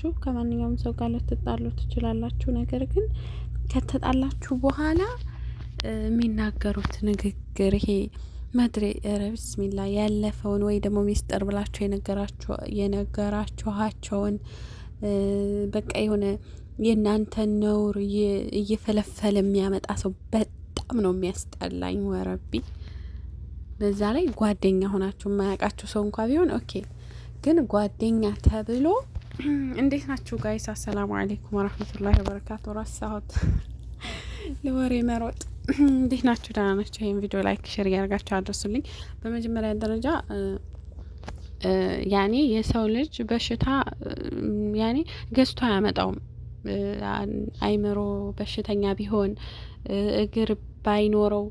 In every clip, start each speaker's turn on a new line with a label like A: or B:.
A: ትችላላችሁ። ከማንኛውም ሰው ጋር ልትጣሉ ትችላላችሁ። ነገር ግን ከተጣላችሁ በኋላ የሚናገሩት ንግግር ይሄ መድሬ ረብስሚላ ያለፈውን ወይ ደግሞ ሚስጥር ብላችሁ የነገራችኋቸውን በቃ የሆነ የእናንተን ነውር እየፈለፈለ የሚያመጣ ሰው በጣም ነው የሚያስጠላኝ። ወረቢ በዛ ላይ ጓደኛ ሆናችሁ የማያውቃችሁ ሰው እንኳ ቢሆን ኦኬ፣ ግን ጓደኛ ተብሎ እንዴት ናችሁ ጋይስ? አሰላሙ አሌይኩም ወረህመቱላሂ ወበረካቱ። ረሳሁት ለወሬ መሮጥ። እንዴት ናችሁ? ደህና ናቸው። ይህን ቪዲዮ ላይክ፣ ሼር እያደርጋችሁ አድርሱልኝ። በመጀመሪያ ደረጃ ያኔ የሰው ልጅ በሽታ ያኔ ገዝቶ አያመጣውም። አይምሮ በሽተኛ ቢሆን እግር ባይኖረው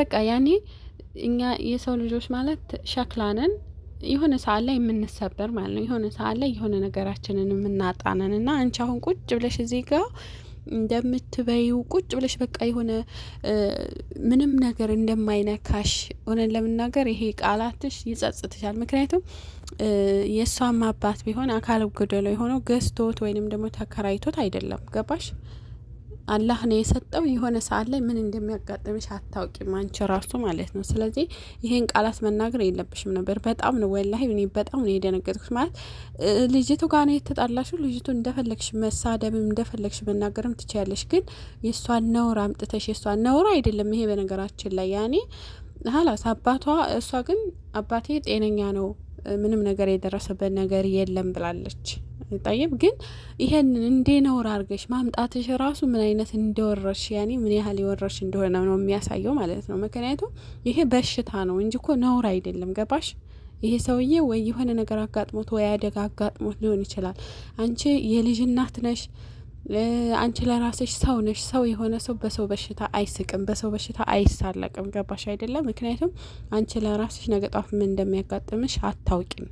A: በቃ ያኔ እኛ የሰው ልጆች ማለት ሸክላ ነን። የሆነ ሰዓት ላይ የምንሰበር ማለት ነው። የሆነ ሰዓት ላይ የሆነ ነገራችንን የምናጣነን እና አንቺ አሁን ቁጭ ብለሽ እዚህ ጋር እንደምትበይው ቁጭ ብለሽ በቃ የሆነ ምንም ነገር እንደማይነካሽ ሆነን ለመናገር ይሄ ቃላትሽ ይጸጽትሻል። ምክንያቱም የእሷም አባት ቢሆን አካል ጎደሎ የሆነው ገዝቶት ወይንም ደግሞ ተከራይቶት አይደለም። ገባሽ? አላህ ነው የሰጠው። የሆነ ሰዓት ላይ ምን እንደሚያጋጥምሽ አታውቂም አንቺ ራሱ ማለት ነው። ስለዚህ ይሄን ቃላት መናገር የለብሽም ነበር። በጣም ነው ወላሂ፣ እኔ በጣም ነው የደነገጥኩት። ማለት ልጅቱ ጋር ነው የተጣላሽው። ልጅቱ እንደፈለግሽ መሳደብም እንደፈለግሽ መናገርም ትችያለሽ፣ ግን የእሷን ነውር አምጥተሽ የእሷን ነውር አይደለም ይሄ በነገራችን ላይ ያኔ ሀላስ አባቷ እሷ ግን አባቴ ጤነኛ ነው ምንም ነገር የደረሰበት ነገር የለም ብላለች። ጠይብ ግን ይሄን እንዴ ነውር አድርገሽ ማምጣትሽ ራሱ ምን አይነት እንደወረሽ ያኔ ምን ያህል የወረሽ እንደሆነ ነው የሚያሳየው ማለት ነው። ምክንያቱም ይሄ በሽታ ነው እንጂ እኮ ነውር አይደለም። ገባሽ? ይሄ ሰውዬ ወይ የሆነ ነገር አጋጥሞት ወይ አደጋ አጋጥሞት ሊሆን ይችላል። አንቺ የልጅ እናት ነሽ አንቺ ለራስሽ ሰው ነሽ። ሰው የሆነ ሰው በሰው በሽታ አይስቅም፣ በሰው በሽታ አይሳለቅም። ገባሽ አይደለም? ምክንያቱም አንቺ ለራስሽ ነገ ጧት ምን እንደሚያጋጥምሽ አታውቂም።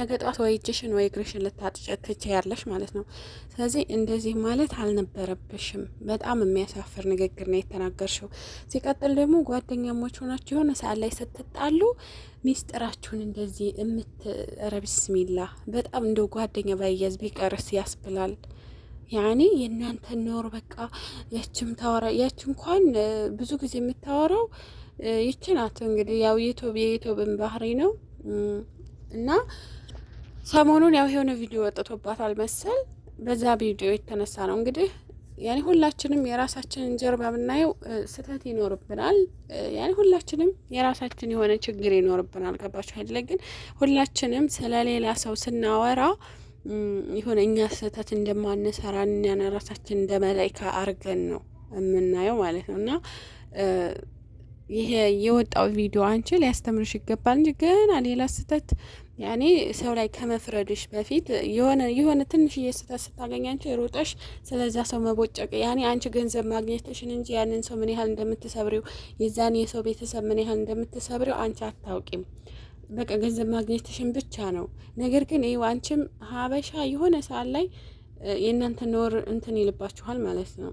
A: ነገ ጧት ወይ እጅሽን ወይ እግርሽን ልታጥጨት ትችያለሽ ማለት ነው። ስለዚህ እንደዚህ ማለት አልነበረብሽም። በጣም የሚያሳፍር ንግግር ነው የተናገርሽው። ሲቀጥል ደግሞ ጓደኛሞች ሆናችሁ የሆነ ሰዓት ላይ ስትጣሉ ሚስጥራችሁን እንደዚህ የምትረብስ ሚላ በጣም እንደ ጓደኛ ባያዝ ቢቀርስ ያስብላል። ያኔ የእናንተ ኖር በቃ ያችም ታወራ ያች እንኳን ብዙ ጊዜ የምታወራው ይች ናት። እንግዲህ ያው ዩቱብ የዩቱብን ባህሪ ነው እና ሰሞኑን ያው የሆነ ቪዲዮ ወጥቶባታል መሰል በዛ ቪዲዮ የተነሳ ነው እንግዲህ ያኔ ሁላችንም የራሳችንን ጀርባ ብናየው ስህተት ይኖርብናል። ያኔ ሁላችንም የራሳችን የሆነ ችግር ይኖርብናል። ገባችሁ አይደለ? ግን ሁላችንም ስለሌላ ሰው ስናወራ የሆነ እኛ ስህተት እንደማንሰራ እኛን ራሳችን እንደ መላይካ አርገን ነው የምናየው ማለት ነው እና ይሄ የወጣው ቪዲዮ አንቺ ሊያስተምርሽ ይገባል እንጂ ገና ሌላ ስህተት ያኔ ሰው ላይ ከመፍረድሽ በፊት የሆነ የሆነ ትንሽዬ ስህተት ስታገኝ አንቺ ሩጠሽ ስለዛ ሰው መቦጨቅ ያኔ አንቺ ገንዘብ ማግኘትሽን እንጂ ያንን ሰው ምን ያህል እንደምትሰብሪው የዛን የሰው ቤተሰብ ምን ያህል እንደምትሰብሪው አንቺ አታውቂም። በቃ ገንዘብ ማግኘትሽን ብቻ ነው። ነገር ግን ይህ አንቺም ሀበሻ የሆነ ሰዓት ላይ የእናንተ ኖር እንትን ይልባችኋል ማለት ነው።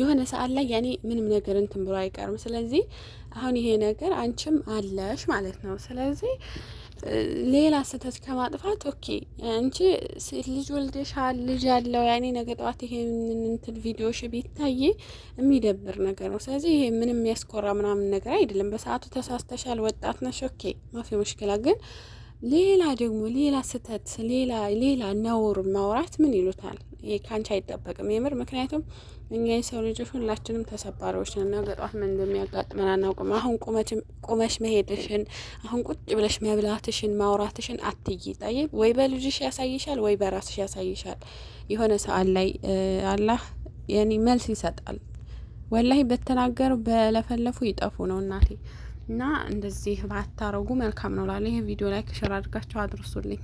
A: የሆነ ሰዓት ላይ ያኔ ምንም ነገር እንትን ብሎ አይቀርም። ስለዚህ አሁን ይሄ ነገር አንቺም አለሽ ማለት ነው። ስለዚህ ሌላ ስህተት ከማጥፋት ኦኬ፣ አንቺ ልጅ ወልደሻል፣ ልጅ ያለው ያኔ ነገ ጠዋት ይሄንን እንትን ቪዲዮሽ ቢታይ የሚደብር ነገር ነው። ስለዚህ ይሄ ምንም የሚያስኮራ ምናምን ነገር አይደለም። በሰዓቱ ተሳስተሻል፣ ወጣት ነሽ። ኦኬ፣ ማፊ ሙሽክላ ግን ሌላ ደግሞ ሌላ ስህተት ሌላ ሌላ ነውር ማውራት ምን ይሉታል? ይሄ ከአንቺ አይጠበቅም የምር። ምክንያቱም እኛ የሰው ልጆች ሁላችንም ተሰባሪዎች ነን። ነገ ጠዋት ምን እንደሚያጋጥመን አናውቅም። አሁን ቁመሽ መሄድሽን፣ አሁን ቁጭ ብለሽ መብላትሽን፣ ማውራትሽን አትይ። ጠይቅ ወይ በልጅሽ ያሳይሻል፣ ወይ በራስሽ ያሳይሻል። የሆነ ሰዓት ላይ አላህ የኔ መልስ ይሰጣል። ወላሂ በተናገሩ በለፈለፉ ይጠፉ ነው እናቴ እና እንደዚህ ባታረጉ መልካም ነው ላለ ይህ ቪዲዮ ላይ ክሽር አድርጋችሁ አድርሱልኝ።